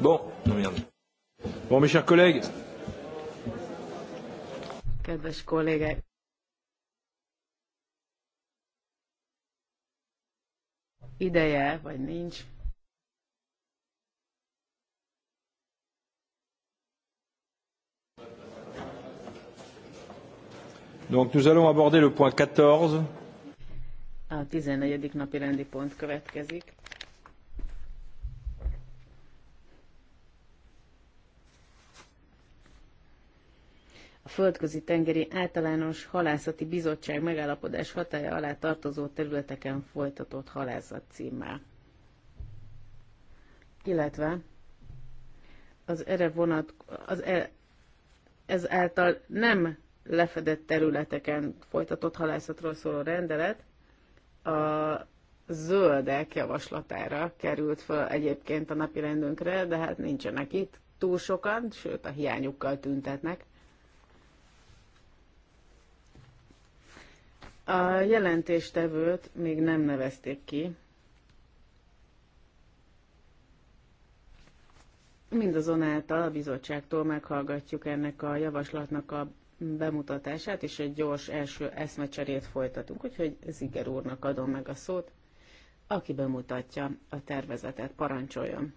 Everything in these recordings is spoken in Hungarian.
Bon, non, merde. Bon, mes chers collègues. Kedves kollégák. Ideje, vagy nincs. Donc nous allons aborder le point 14. A 14. napi rendi pont következik. földközi tengeri általános halászati bizottság megállapodás hatája alá tartozó területeken folytatott halászat címmel. Illetve az erre vonat, az e, ez által nem lefedett területeken folytatott halászatról szóló rendelet a zöldek javaslatára került fel egyébként a napi rendünkre, de hát nincsenek itt túl sokan, sőt a hiányukkal tüntetnek. A jelentéstevőt még nem nevezték ki. Mindazonáltal a bizottságtól meghallgatjuk ennek a javaslatnak a bemutatását, és egy gyors első eszmecserét folytatunk, úgyhogy Ziger úrnak adom meg a szót, aki bemutatja a tervezetet, parancsoljon.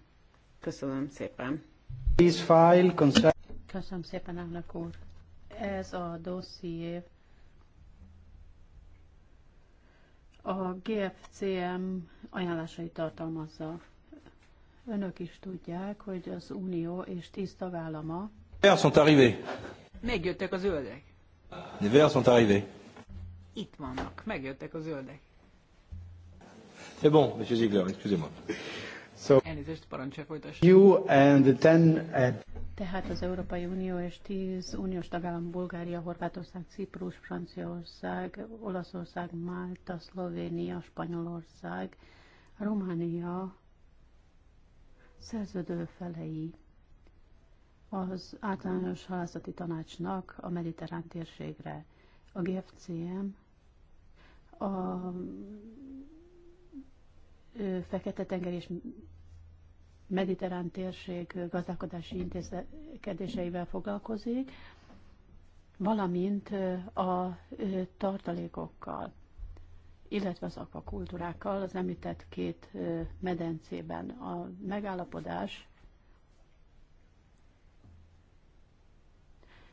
Köszönöm szépen. Köszönöm szépen, elnök úr. Ez a dosszié a GFCM ajánlásait tartalmazza. Önök is tudják, hogy az Unió és tíz tagállama... Les sont arrivés. Megjöttek a zöldek. Les verts sont arrivés. Itt vannak, megjöttek a zöldek. C'est bon, monsieur Ziegler, excusez-moi. So, Elnézést, parancsol folytass. You and the ten... And... Tehát az Európai Unió és 10 uniós tagállam Bulgária, Horvátország, Ciprus, Franciaország, Olaszország, Málta, Szlovénia, Spanyolország, Románia szerződő felei az általános halászati tanácsnak a mediterrán térségre. A GFCM a Fekete-tenger és mediterrán térség gazdálkodási intézkedéseivel foglalkozik, valamint a tartalékokkal, illetve az akvakultúrákkal az említett két medencében. A megállapodás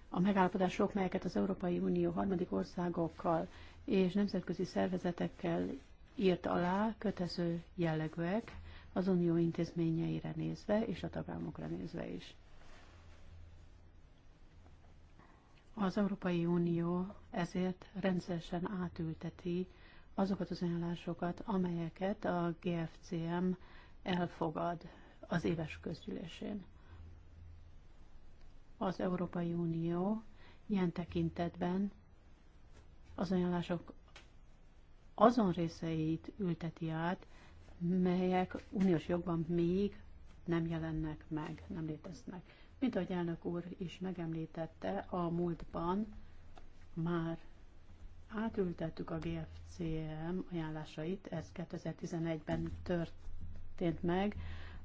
a megállapodások, melyeket az Európai Unió harmadik országokkal és nemzetközi szervezetekkel írt alá, kötező jellegűek, az unió intézményeire nézve, és a tagállamokra nézve is. Az Európai Unió ezért rendszeresen átülteti azokat az ajánlásokat, amelyeket a GFCM elfogad az éves közgyűlésén. Az Európai Unió ilyen tekintetben az ajánlások azon részeit ülteti át, melyek uniós jogban még nem jelennek meg, nem léteznek. Mint ahogy elnök úr is megemlítette, a múltban már átültettük a GFCM ajánlásait, ez 2011-ben történt meg,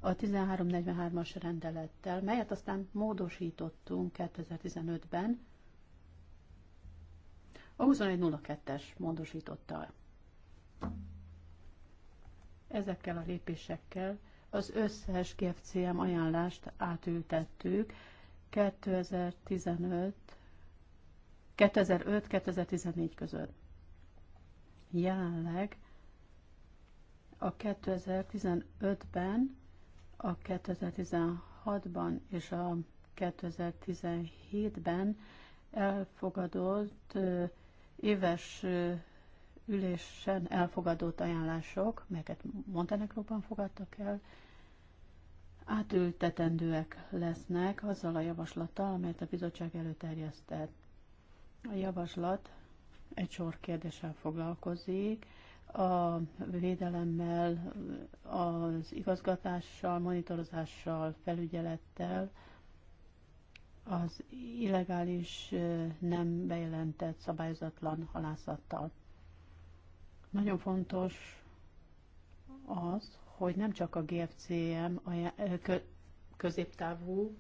a 1343-as rendelettel, melyet aztán módosítottunk 2015-ben, a 2102-es módosította. Ezekkel a lépésekkel az összes GFCM ajánlást átültettük 2015 2005-2014 között. Jelenleg a 2015-ben, a 2016-ban és a 2017-ben elfogadott éves ülésen elfogadott ajánlások, melyeket Montenegróban fogadtak el, átültetendőek lesznek azzal a javaslattal, amelyet a bizottság előterjesztett. A javaslat egy sor kérdéssel foglalkozik, a védelemmel, az igazgatással, monitorozással, felügyelettel, az illegális, nem bejelentett, szabályozatlan halászattal. Nagyon fontos az, hogy nem csak a GFCM a középtávú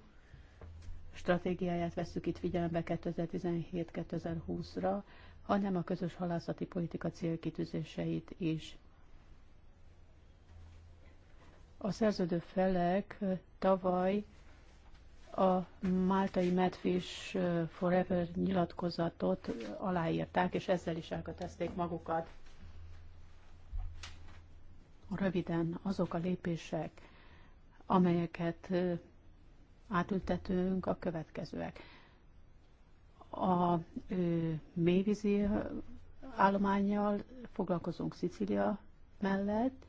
stratégiáját vesszük itt figyelembe 2017-2020-ra, hanem a közös halászati politika célkitűzéseit is. A szerződő felek tavaly a máltai Medfish Forever nyilatkozatot aláírták, és ezzel is elkötezték magukat röviden azok a lépések, amelyeket átültetünk, a következőek. A ö, mélyvízi állományjal foglalkozunk Szicília mellett,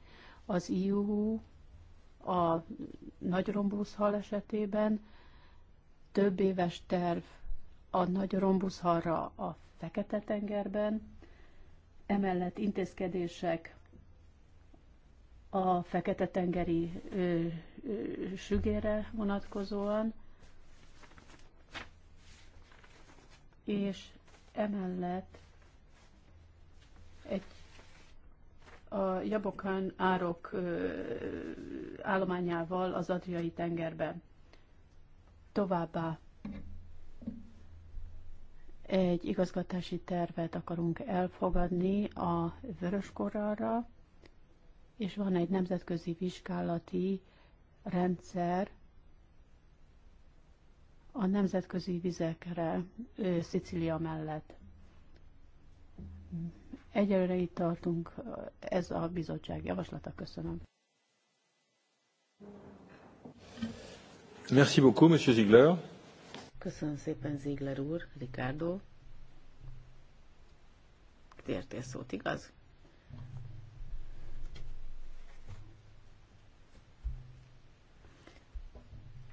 az EU a nagy rombuszhal esetében több éves terv a nagy rombuszhalra a Fekete-tengerben, emellett intézkedések a Fekete-tengeri sügére vonatkozóan, és emellett egy a Jabokán árok ö, állományával az Adriai tengerben. Továbbá egy igazgatási tervet akarunk elfogadni a korára és van egy nemzetközi vizsgálati rendszer a nemzetközi vizekre Szicília mellett. Egyelőre itt tartunk, ez a bizottság javaslata, köszönöm. Merci beaucoup, Monsieur Ziegler. Köszönöm szépen, Ziegler úr, Ricardo. Tértél szót, igaz?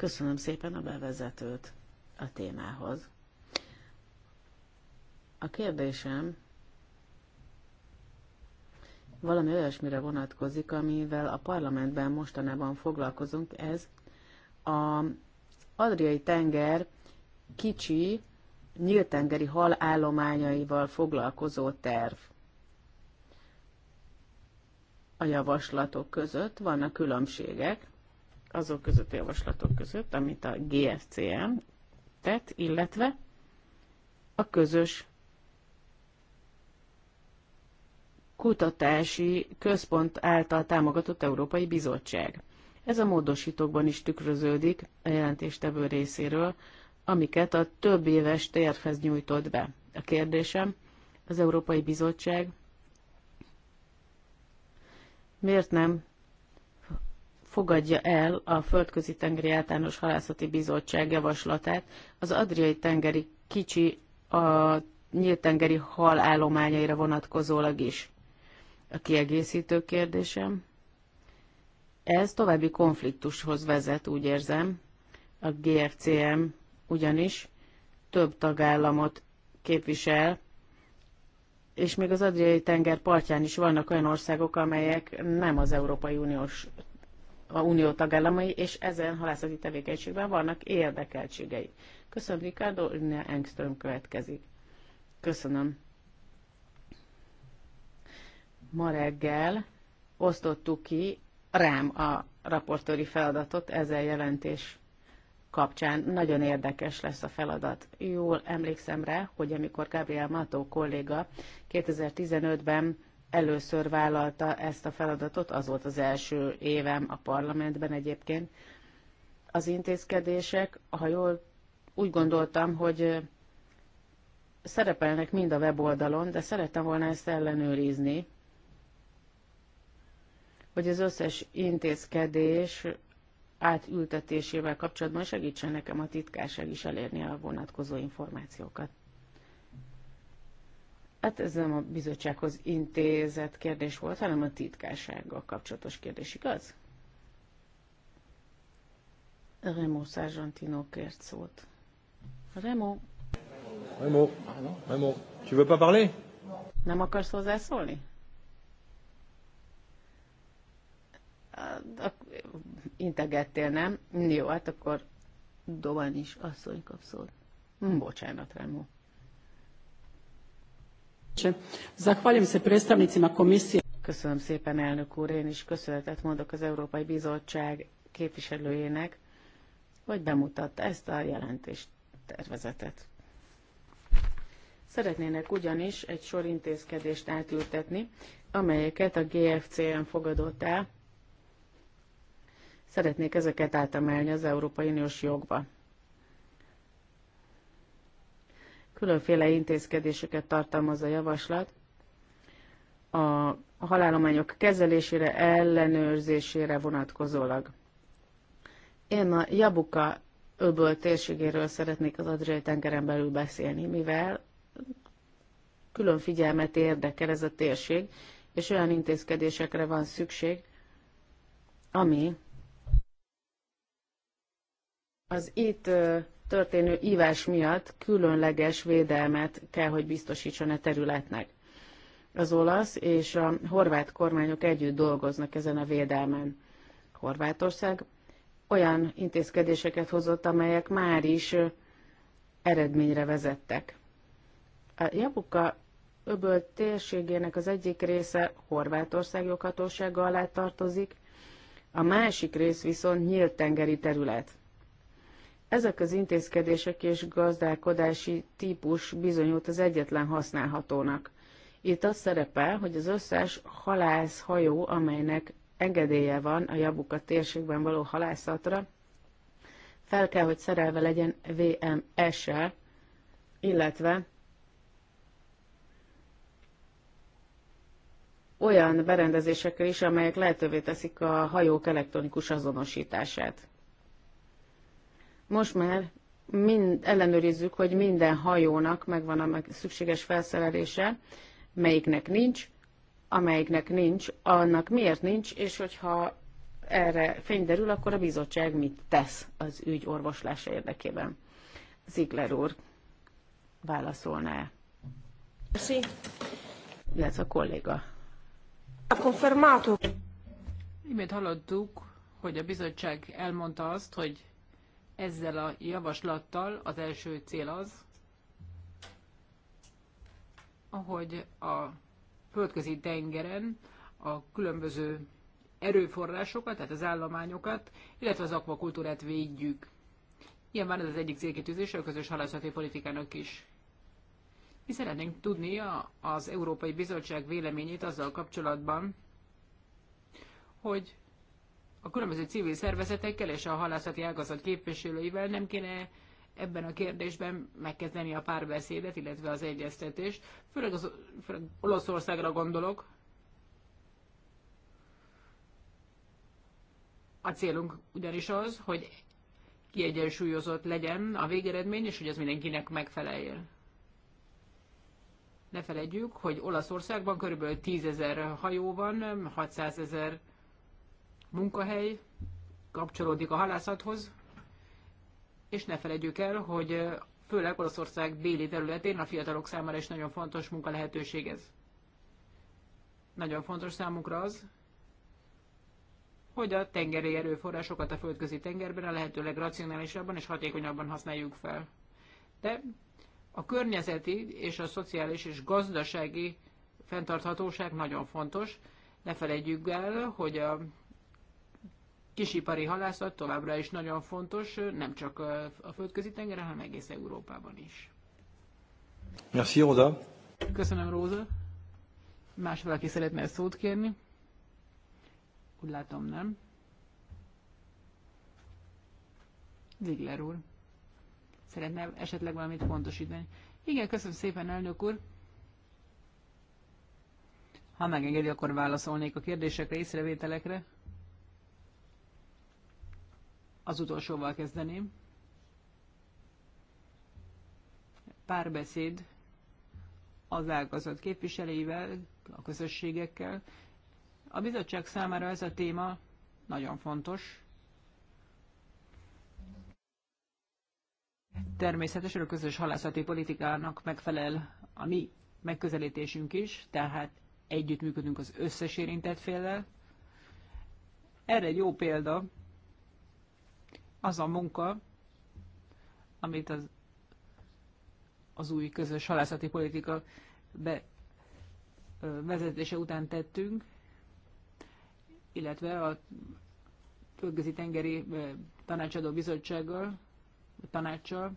Köszönöm szépen a bevezetőt a témához. A kérdésem valami olyasmire vonatkozik, amivel a parlamentben mostanában foglalkozunk, ez a Adriai tenger kicsi nyíltengeri hal állományaival foglalkozó terv. A javaslatok között vannak különbségek, azok között a javaslatok között, amit a GFCM tett, illetve a közös kutatási központ által támogatott Európai Bizottság. Ez a módosítókban is tükröződik a jelentéstevő részéről, amiket a több éves térfez nyújtott be. A kérdésem, az Európai Bizottság miért nem fogadja el a Földközi Tengeri Általános Halászati Bizottság javaslatát az Adriai Tengeri kicsi a nyílt-tengeri hal állományaira vonatkozólag is. A kiegészítő kérdésem. Ez további konfliktushoz vezet, úgy érzem. A GFCM ugyanis több tagállamot képvisel, és még az Adriai tenger partján is vannak olyan országok, amelyek nem az Európai Uniós a unió tagállamai, és ezen halászati tevékenységben vannak érdekeltségei. Köszönöm, Ricardo, Linnea Engström következik. Köszönöm. Ma reggel osztottuk ki rám a raportőri feladatot ezzel jelentés kapcsán. Nagyon érdekes lesz a feladat. Jól emlékszem rá, hogy amikor Gabriel Mató kolléga 2015-ben először vállalta ezt a feladatot, az volt az első évem a parlamentben egyébként. Az intézkedések, ha jól úgy gondoltam, hogy szerepelnek mind a weboldalon, de szerettem volna ezt ellenőrizni, hogy az összes intézkedés átültetésével kapcsolatban segítsen nekem a titkárság is elérni a vonatkozó információkat. Hát ez nem a bizottsághoz intézett kérdés volt, hanem a titkársággal kapcsolatos kérdés, igaz? Remo Sargentino kért szót. Remo. Remo. Remo. Tu veux pas parler? Nem akarsz hozzászólni? Hát, integettél, nem? Jó, hát akkor Dovan is asszony kap szót. Bocsánat, Remo predsjedniče. Zahvaljujem se predstavnicima komisije. Köszönöm szépen, elnök úr, én is köszönetet mondok az Európai Bizottság képviselőjének, hogy bemutatta ezt a jelentést tervezetet. Szeretnének ugyanis egy sor intézkedést átültetni, amelyeket a GFCE-n fogadott el. Szeretnék ezeket átemelni az Európai Uniós jogba. Különféle intézkedéseket tartalmaz a javaslat. A halálományok kezelésére, ellenőrzésére vonatkozólag. Én a Jabuka öböl térségéről szeretnék az Adriai tengeren belül beszélni, mivel külön figyelmet érdekel ez a térség, és olyan intézkedésekre van szükség, ami az itt történő ívás miatt különleges védelmet kell, hogy biztosítson a területnek. Az olasz és a horvát kormányok együtt dolgoznak ezen a védelmen. Horvátország olyan intézkedéseket hozott, amelyek már is eredményre vezettek. A Jabuka öböl térségének az egyik része Horvátország joghatósága alá tartozik, a másik rész viszont nyílt tengeri terület. Ezek az intézkedések és gazdálkodási típus bizonyult az egyetlen használhatónak. Itt az szerepel, hogy az összes halászhajó, amelynek engedélye van a Jabuka térségben való halászatra, fel kell, hogy szerelve legyen VMS-sel, illetve olyan berendezésekkel is, amelyek lehetővé teszik a hajók elektronikus azonosítását. Most már mind, ellenőrizzük, hogy minden hajónak megvan a meg szükséges felszerelése, melyiknek nincs, amelyiknek nincs, annak miért nincs, és hogyha erre fény derül, akkor a bizottság mit tesz az ügy orvoslása érdekében. Ziegler úr válaszolná-e? Ez a kolléga. A konfirmátum. Imént hallottuk, hogy a bizottság elmondta azt, hogy ezzel a javaslattal az első cél az, hogy a földközi tengeren a különböző erőforrásokat, tehát az állományokat, illetve az akvakultúrát védjük. Nyilván ez az egyik célkitűzése a közös halászati politikának is. Mi szeretnénk tudni az Európai Bizottság véleményét azzal kapcsolatban, hogy a különböző civil szervezetekkel és a halászati ágazat képviselőivel nem kéne ebben a kérdésben megkezdeni a párbeszédet, illetve az egyeztetést, főleg, az, főleg Olaszországra gondolok. A célunk ugyanis az, hogy kiegyensúlyozott legyen a végeredmény, és hogy ez mindenkinek megfeleljen. Ne felejtjük, hogy Olaszországban körülbelül 10 ezer hajó van, 600 ezer 000 munkahely kapcsolódik a halászathoz, és ne felejtjük el, hogy főleg Oroszország déli területén a fiatalok számára is nagyon fontos munkalehetőség ez. Nagyon fontos számukra az, hogy a tengeri erőforrásokat a földközi tengerben a lehető legracionálisabban és hatékonyabban használjuk fel. De a környezeti és a szociális és gazdasági fenntarthatóság nagyon fontos. Ne felejtjük el, hogy a kisipari halászat továbbra is nagyon fontos, nem csak a földközi tengeren, hanem egész Európában is. Merci, Róza. Köszönöm, Róza. Más valaki szeretne szót kérni? Úgy látom, nem. Ziegler úr. Szeretne esetleg valamit pontosítani. Igen, köszönöm szépen, elnök úr. Ha megengedi, akkor válaszolnék a kérdésekre, észrevételekre. Az utolsóval kezdeném. Párbeszéd az ágazat képviselőivel, a közösségekkel. A bizottság számára ez a téma nagyon fontos. Természetesen a közös halászati politikának megfelel a mi megközelítésünk is, tehát együttműködünk az összes érintett féllel. Erre egy jó példa az a munka, amit az, az új közös halászati politika be, vezetése után tettünk, illetve a Földközi Tengeri Tanácsadó Bizottsággal, tanácssal,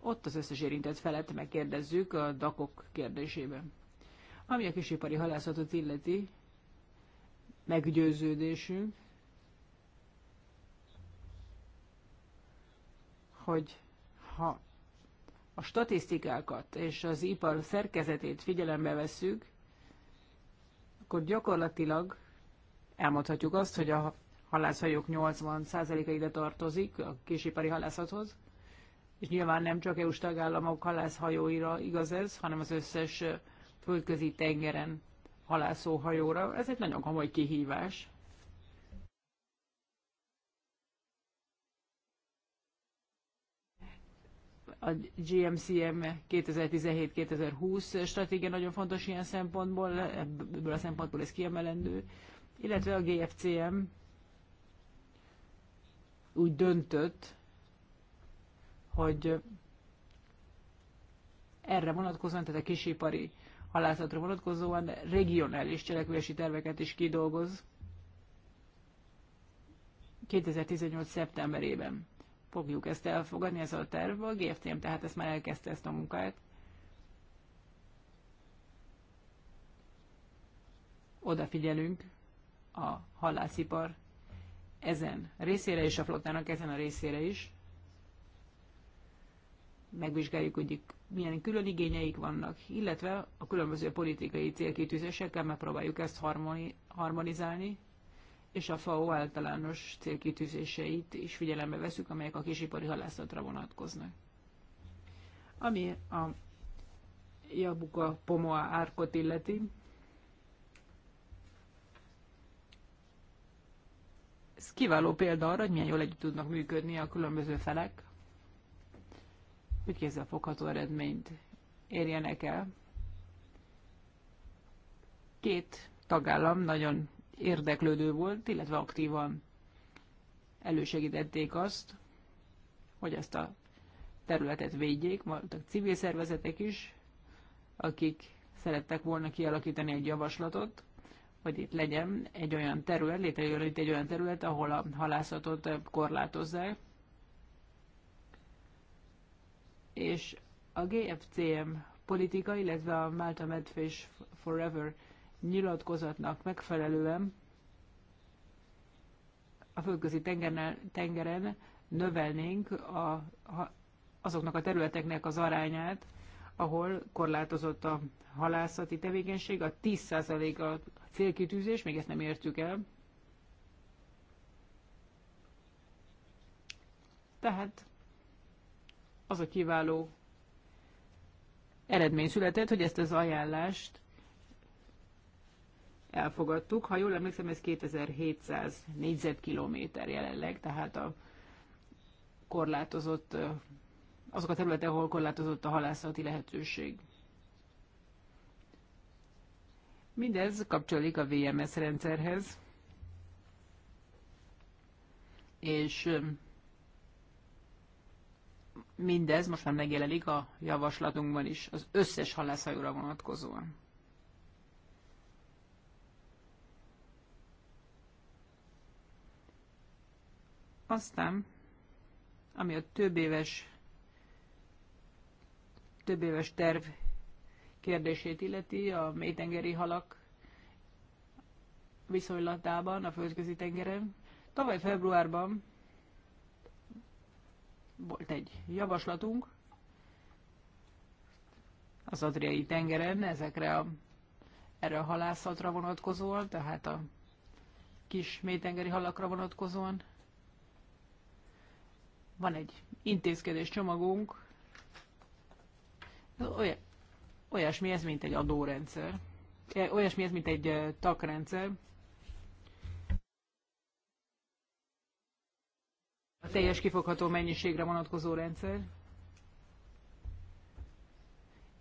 ott az összes érintett felett megkérdezzük a dakok kérdésében. Ami a kisipari halászatot illeti, meggyőződésünk, hogy ha a statisztikákat és az ipar szerkezetét figyelembe vesszük, akkor gyakorlatilag elmondhatjuk azt, hogy a halászhajók 80%-a ide tartozik a kisipari halászathoz, és nyilván nem csak EU-s tagállamok halászhajóira igaz ez, hanem az összes földközi tengeren halászó hajóra. Ez egy nagyon komoly kihívás. a GMCM 2017-2020 stratégia nagyon fontos ilyen szempontból, ebből a szempontból ez kiemelendő, illetve a GFCM úgy döntött, hogy erre vonatkozóan, tehát a kisipari halászatra vonatkozóan regionális cselekvési terveket is kidolgoz 2018. szeptemberében fogjuk ezt elfogadni, ez a terv. A GFTM tehát ezt már elkezdte ezt a munkát. Odafigyelünk a halászipar ezen részére és a flottának ezen a részére is. Megvizsgáljuk, hogy milyen külön igényeik vannak, illetve a különböző politikai célkitűzésekkel megpróbáljuk ezt harmonizálni, és a FAO általános célkitűzéseit is figyelembe veszük, amelyek a kisipari halászatra vonatkoznak. Ami a Jabuka Pomoa árkot illeti, ez kiváló példa arra, hogy milyen jól együtt tudnak működni a különböző felek, hogy kézzel fogható eredményt érjenek el. Két tagállam nagyon érdeklődő volt, illetve aktívan elősegítették azt, hogy ezt a területet védjék, voltak civil szervezetek is, akik szerettek volna kialakítani egy javaslatot, hogy itt legyen egy olyan terület, létrejön itt egy olyan terület, ahol a halászatot korlátozzák. És a GFCM politika, illetve a Malta Medfish Forever nyilatkozatnak megfelelően a földközi tengeren, tengeren növelnénk a, azoknak a területeknek az arányát, ahol korlátozott a halászati tevékenység, a 10% a célkitűzés, még ezt nem értük el. Tehát az a kiváló eredmény született, hogy ezt az ajánlást elfogadtuk. Ha jól emlékszem, ez 2700 négyzetkilométer jelenleg, tehát a korlátozott, azok a területek, ahol korlátozott a halászati lehetőség. Mindez kapcsolódik a VMS rendszerhez, és mindez most már megjelenik a javaslatunkban is, az összes halászhajóra vonatkozóan. Aztán, ami a több éves, több éves terv kérdését illeti, a mélytengeri halak viszonylatában, a földközi tengeren. Tavaly februárban volt egy javaslatunk az Adriai tengeren ezekre a, erre a halászatra vonatkozóan, tehát a kis mélytengeri halakra vonatkozóan. Van egy intézkedés csomagunk, olyasmi ez, mint egy adórendszer, e, olyasmi ez, mint egy e, takrendszer. A teljes kifogható mennyiségre vonatkozó rendszer.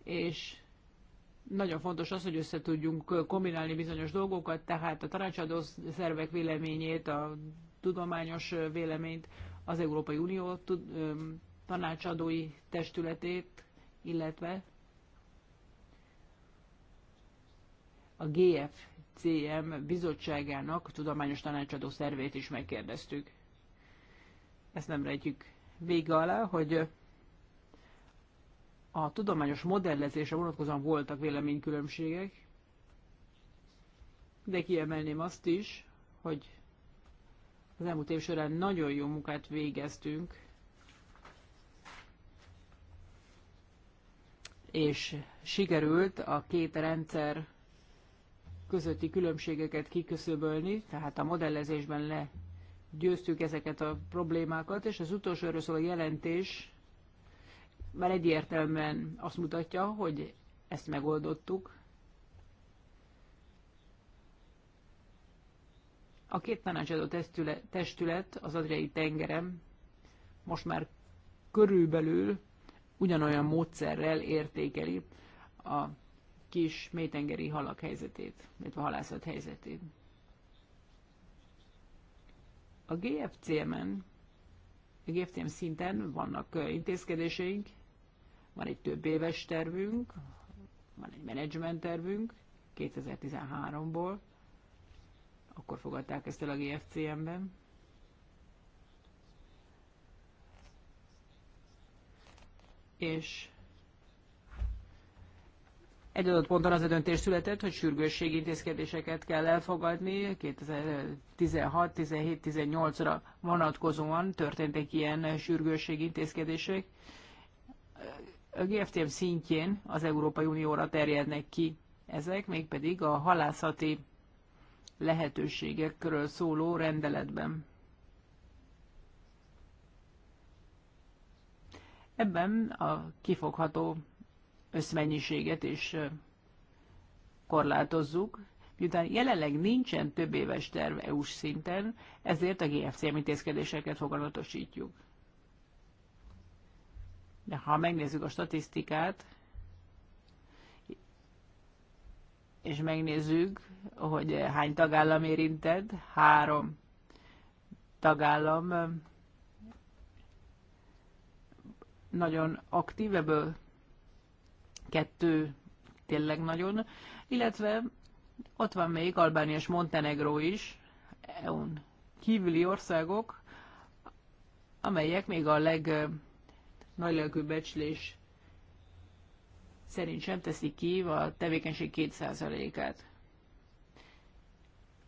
És nagyon fontos az, hogy össze tudjunk kombinálni bizonyos dolgokat, tehát a tanácsadó szervek véleményét, a tudományos véleményt, az Európai Unió tud, tanácsadói testületét, illetve a GFCM bizottságának tudományos tanácsadó szervét is megkérdeztük. Ezt nem rejtjük vége alá, hogy a tudományos modellezése vonatkozóan voltak véleménykülönbségek, de kiemelném azt is, hogy az elmúlt év során nagyon jó munkát végeztünk, és sikerült a két rendszer közötti különbségeket kiköszöbölni, tehát a modellezésben le győztük ezeket a problémákat, és az utolsó erről a jelentés már egyértelműen azt mutatja, hogy ezt megoldottuk. A két tanácsadó testület az adriai tengerem most már körülbelül ugyanolyan módszerrel értékeli a kis mélytengeri halak helyzetét, illetve a halászat helyzetét. A GFCM-en, a GFCM szinten vannak intézkedéseink, van egy több éves tervünk, van egy menedzsment tervünk 2013-ból, akkor fogadták ezt el a GFCM-ben. És egy adott ponton az a döntés született, hogy sürgősségi intézkedéseket kell elfogadni. 2016-17-18-ra vonatkozóan történtek ilyen sürgősségi intézkedések. A GFTM szintjén az Európai Unióra terjednek ki ezek, mégpedig a halászati lehetőségekről szóló rendeletben. Ebben a kifogható összmennyiséget is korlátozzuk, miután jelenleg nincsen több éves terv EU-s szinten, ezért a GFCM intézkedéseket foganatosítjuk. De ha megnézzük a statisztikát, és megnézzük, hogy hány tagállam érintett. Három tagállam um, nagyon aktív, ebből kettő tényleg nagyon, illetve ott van még Albánia és Montenegró is, EU-n kívüli országok, amelyek még a legnagyobb um, becslés szerint sem teszik ki a tevékenység 2%-át.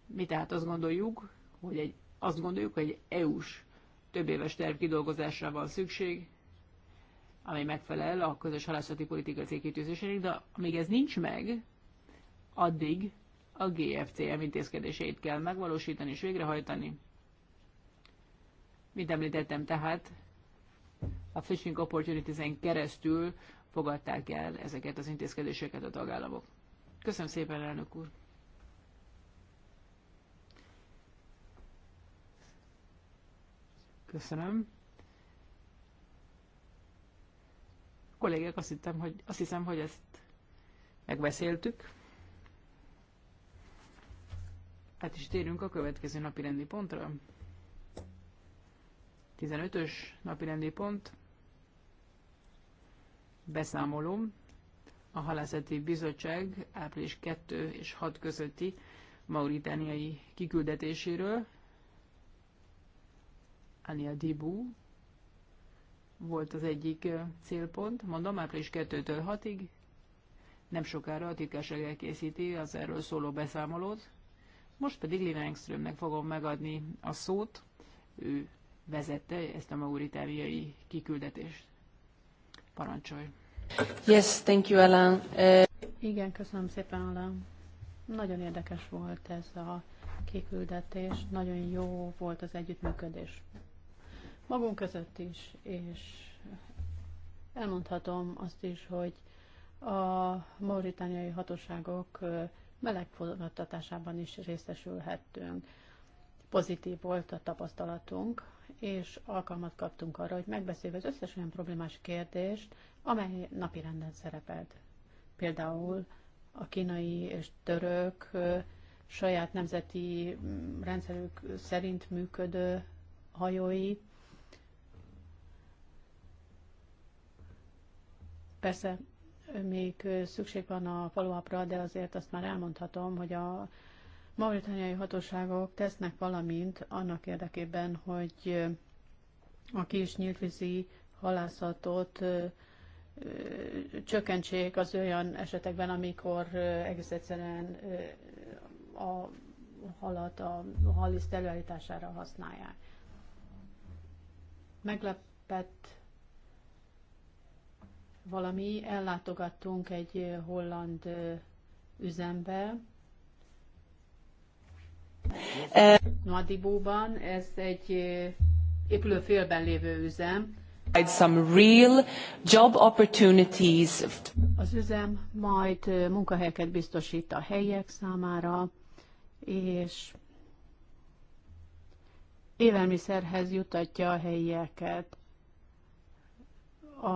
Mi tehát azt gondoljuk, hogy egy, azt gondoljuk, hogy egy EU-s többéves terv kidolgozásra van szükség, ami megfelel a közös halászati politika célkitűzésének, de amíg ez nincs meg, addig a GFCM intézkedéseit kell megvalósítani és végrehajtani. Mint említettem tehát, a Fishing Opportunities-en keresztül fogadták el ezeket az intézkedéseket a tagállamok. Köszönöm szépen, elnök úr! Köszönöm. A kollégák azt, hittem, hogy, azt hiszem, hogy ezt megbeszéltük. Hát is térünk a következő napi rendi pontra. 15-ös napi rendi pont beszámolom a Halászati Bizottság április 2 és 6 közötti mauritániai kiküldetéséről. Ania Dibu volt az egyik célpont, mondom, április 2-től 6-ig. Nem sokára a titkárság elkészíti az erről szóló beszámolót. Most pedig Lina Engströmnek fogom megadni a szót. Ő vezette ezt a mauritániai kiküldetést. Parancsolj! Yes, thank you, Alan. Uh... Igen, köszönöm szépen, Alan. Nagyon érdekes volt ez a kiküldetés, nagyon jó volt az együttműködés. Magunk között is, és elmondhatom azt is, hogy a mauritániai hatóságok eh, melegfogadtatásában is részesülhettünk. Pozitív volt a tapasztalatunk, és alkalmat kaptunk arra, hogy megbeszéljük az összes olyan problémás kérdést, amely napirenden szerepelt. Például a kínai és török saját nemzeti rendszerük szerint működő hajói. Persze még szükség van a follow de azért azt már elmondhatom, hogy a mauritániai hatóságok tesznek valamint annak érdekében, hogy a kis nyíltvízi halászatot csökkentsék az olyan esetekben, amikor egész egyszerűen a halat a haliszt előállítására használják. Meglepett valami, ellátogattunk egy holland üzembe, Nadibóban ez egy épülő félben lévő üzem. Some real job opportunities. Az üzem majd munkahelyeket biztosít a helyiek számára, és élelmiszerhez jutatja a helyieket. A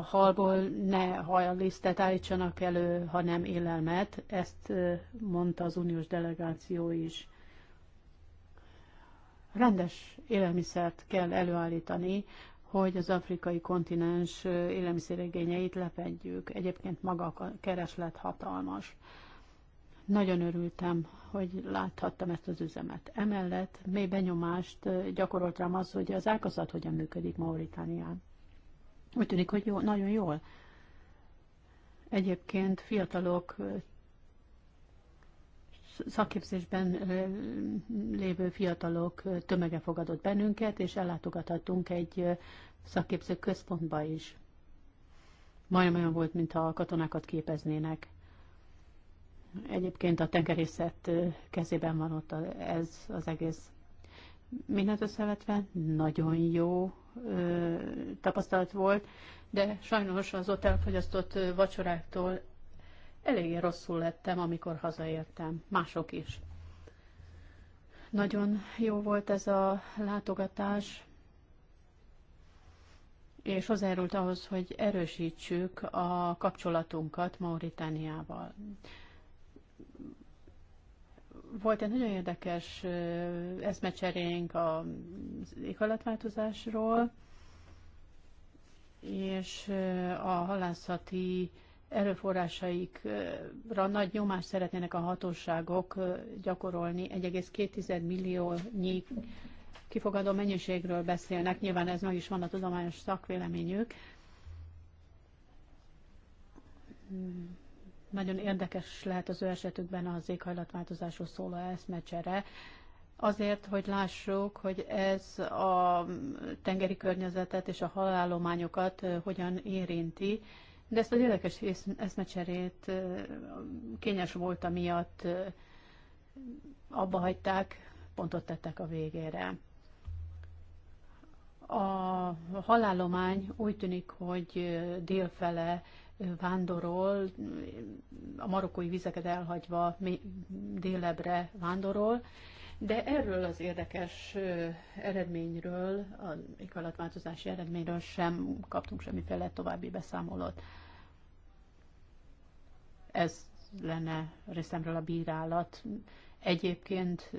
halból ne hajalisztet állítsanak elő, hanem élelmet, ezt mondta az uniós delegáció is rendes élelmiszert kell előállítani, hogy az afrikai kontinens élelmiszeregényeit lefedjük. Egyébként maga a kereslet hatalmas. Nagyon örültem, hogy láthattam ezt az üzemet. Emellett mély benyomást gyakorolt rám az, hogy az ágazat hogyan működik Mauritánián. Úgy tűnik, hogy jó, nagyon jól. Egyébként fiatalok szakképzésben lévő fiatalok tömege fogadott bennünket, és ellátogathattunk egy szakképző központba is. Majdnem olyan volt, mintha a katonákat képeznének. Egyébként a tengerészet kezében van ott ez az egész. Mindent összevetve nagyon jó tapasztalat volt, de sajnos az ott elfogyasztott vacsoráktól Eléggé rosszul lettem, amikor hazaértem. Mások is. Nagyon jó volt ez a látogatás, és hozzájárult ahhoz, hogy erősítsük a kapcsolatunkat Mauritániával. Volt egy nagyon érdekes eszmecserénk az éghajlatváltozásról, és a halászati erőforrásaikra nagy nyomást szeretnének a hatóságok gyakorolni. 1,2 milliónyi kifogadó mennyiségről beszélnek, nyilván ez meg is van a tudományos szakvéleményük. Nagyon érdekes lehet az ő esetükben az éghajlatváltozásról szóló eszmecsere, azért, hogy lássuk, hogy ez a tengeri környezetet és a halálományokat hogyan érinti, de ezt az érdekes eszmecserét kényes volt, amiatt abba hagyták, pontot tettek a végére. A halálomány úgy tűnik, hogy délfele vándorol, a marokkói vizeket elhagyva délebre vándorol, de erről az érdekes eredményről, az éghajlatváltozási eredményről sem kaptunk semmiféle további beszámolót. Ez lenne részemről a bírálat. Egyébként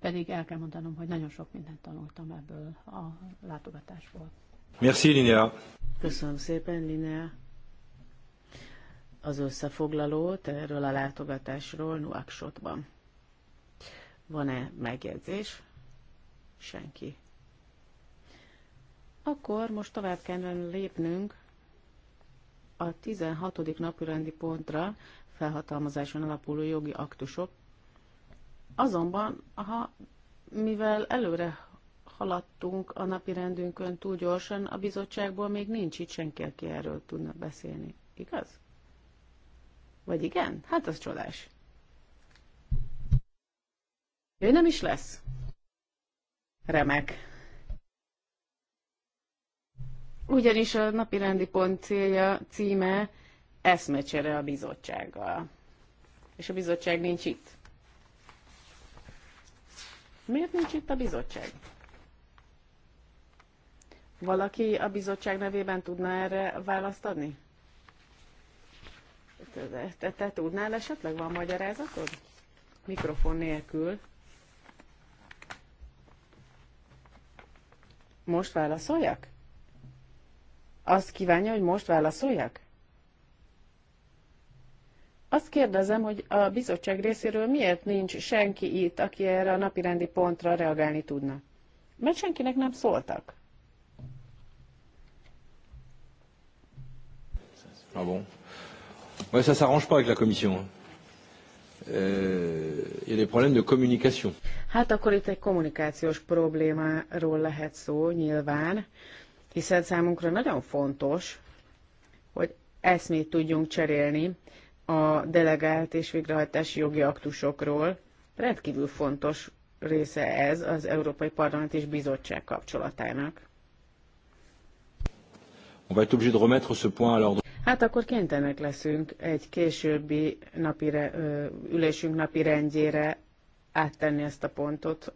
pedig el kell mondanom, hogy nagyon sok mindent tanultam ebből a látogatásból. Merci, Linnea. Köszönöm szépen, Linnea. Az összefoglalót erről a látogatásról Nuaksotban. Van-e megjegyzés? Senki. Akkor most tovább kellene lépnünk a 16. napirendi pontra felhatalmazáson alapuló jogi aktusok. Azonban, ha mivel előre haladtunk a napirendünkön, túl gyorsan, a bizottságból még nincs itt senki, aki erről tudna beszélni. Igaz? Vagy igen? Hát az csodás. Ő nem is lesz? Remek. Ugyanis a napi rendi pont célja, címe eszmecsere a bizottsággal. És a bizottság nincs itt. Miért nincs itt a bizottság? Valaki a bizottság nevében tudna erre választ adni? Te, te, te tudnál esetleg? Van magyarázatod? Mikrofon nélkül. Most válaszoljak? Azt kívánja, hogy most válaszoljak? Azt kérdezem, hogy a bizottság részéről miért nincs senki itt, aki erre a napirendi pontra reagálni tudna? Mert senkinek nem szóltak. Ah bon Ouais, ça s'arrange pas avec la commission. Euh, il euh, y a des problèmes de communication. Hát akkor itt egy kommunikációs problémáról lehet szó nyilván, hiszen számunkra nagyon fontos, hogy eszmét tudjunk cserélni a delegált és végrehajtási jogi aktusokról. Rendkívül fontos része ez az Európai Parlament és Bizottság kapcsolatának. Hát akkor kénytelenek leszünk egy későbbi napire, ülésünk napi rendjére áttenni ezt a pontot,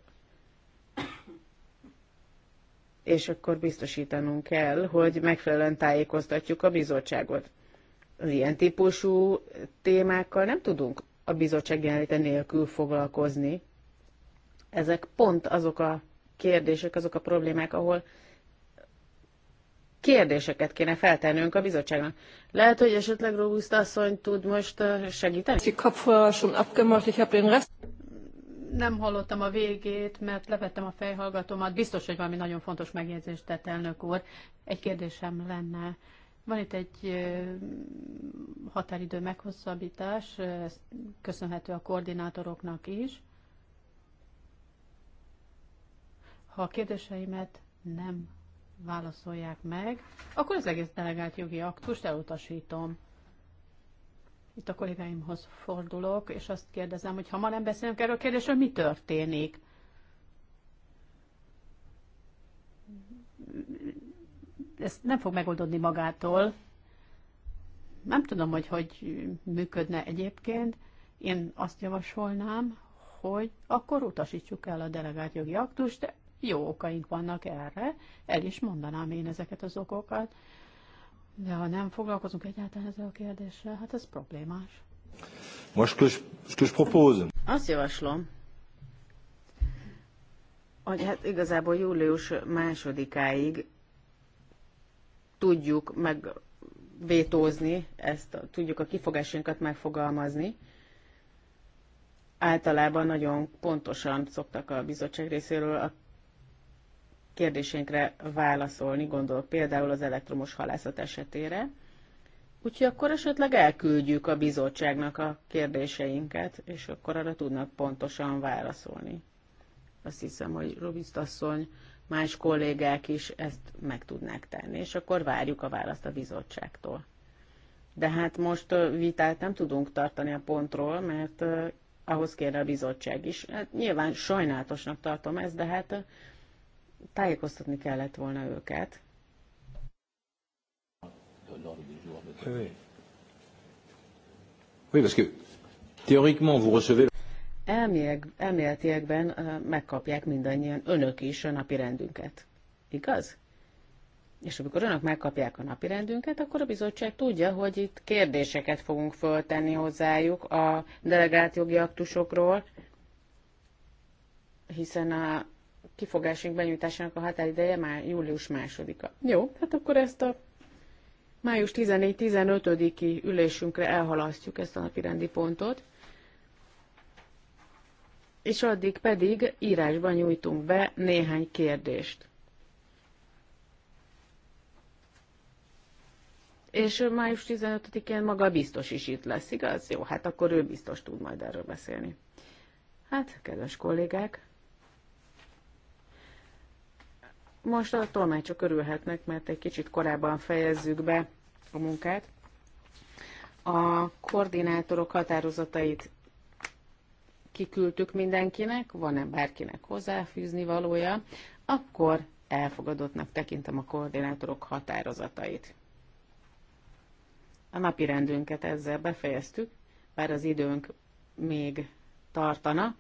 és akkor biztosítanunk kell, hogy megfelelően tájékoztatjuk a bizottságot. Az ilyen típusú témákkal nem tudunk a bizottság jelenléte nélkül foglalkozni. Ezek pont azok a kérdések, azok a problémák, ahol kérdéseket kéne feltennünk a bizottságnak. Lehet, hogy esetleg Robust asszony tud most segíteni? nem hallottam a végét, mert levettem a fejhallgatómat. Biztos, hogy valami nagyon fontos megjegyzést tett elnök úr. Egy kérdésem lenne. Van itt egy határidő meghosszabbítás, ez köszönhető a koordinátoroknak is. Ha a kérdéseimet nem válaszolják meg, akkor az egész delegált jogi aktust elutasítom itt a kollégáimhoz fordulok, és azt kérdezem, hogy ha ma nem beszélünk erről a kérdésről, mi történik? Ez nem fog megoldódni magától. Nem tudom, hogy hogy működne egyébként. Én azt javasolnám, hogy akkor utasítsuk el a delegált jogi aktust, de jó okaink vannak erre, el is mondanám én ezeket az okokat. De ha nem foglalkozunk egyáltalán ezzel a kérdéssel, hát ez problémás. Most kös, kös propózom. Azt javaslom, hogy hát igazából július másodikáig tudjuk meg vétózni ezt, tudjuk a kifogásunkat megfogalmazni. Általában nagyon pontosan szoktak a bizottság részéről a kérdésénkre válaszolni, gondolok például az elektromos halászat esetére. Úgyhogy akkor esetleg elküldjük a bizottságnak a kérdéseinket, és akkor arra tudnak pontosan válaszolni. Azt hiszem, hogy Robiszt asszony, más kollégák is ezt meg tudnák tenni, és akkor várjuk a választ a bizottságtól. De hát most vitát nem tudunk tartani a pontról, mert ahhoz kér a bizottság is. Hát nyilván sajnálatosnak tartom ezt, de hát tájékoztatni kellett volna őket. Oui, parce que théoriquement vous recevez... elméletiekben megkapják mindannyian önök is a napi rendünket. Igaz? És amikor önök megkapják a napi rendünket, akkor a bizottság tudja, hogy itt kérdéseket fogunk föltenni hozzájuk a delegált jogi aktusokról, hiszen a kifogásunk benyújtásának a határideje már július másodika. Jó, hát akkor ezt a május 14-15-i ülésünkre elhalasztjuk ezt a napi rendi pontot, és addig pedig írásban nyújtunk be néhány kérdést. És május 15-én maga biztos is itt lesz, igaz? Jó, hát akkor ő biztos tud majd erről beszélni. Hát, kedves kollégák, Most a tolmácsok örülhetnek, mert egy kicsit korábban fejezzük be a munkát. A koordinátorok határozatait kiküldtük mindenkinek, van-e bárkinek hozzáfűzni valója, akkor elfogadottnak tekintem a koordinátorok határozatait. A napi rendünket ezzel befejeztük, bár az időnk még tartana.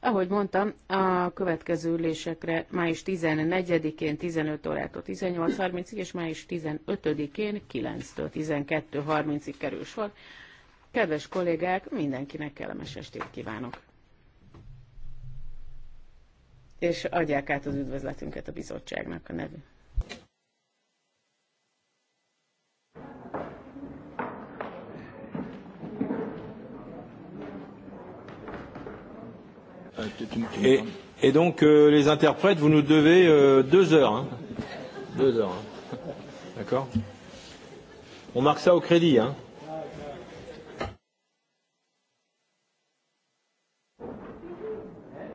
Ahogy mondtam, a következő ülésekre május 14-én 15 órától 18.30-ig, és május 15-én 9-től 12.30-ig kerül sor. Kedves kollégák, mindenkinek kellemes estét kívánok! És adják át az üdvözletünket a bizottságnak a nevű. Et, et donc, euh, les interprètes, vous nous devez euh, deux heures. Hein. Deux heures. Hein. D'accord On marque ça au crédit. Hein.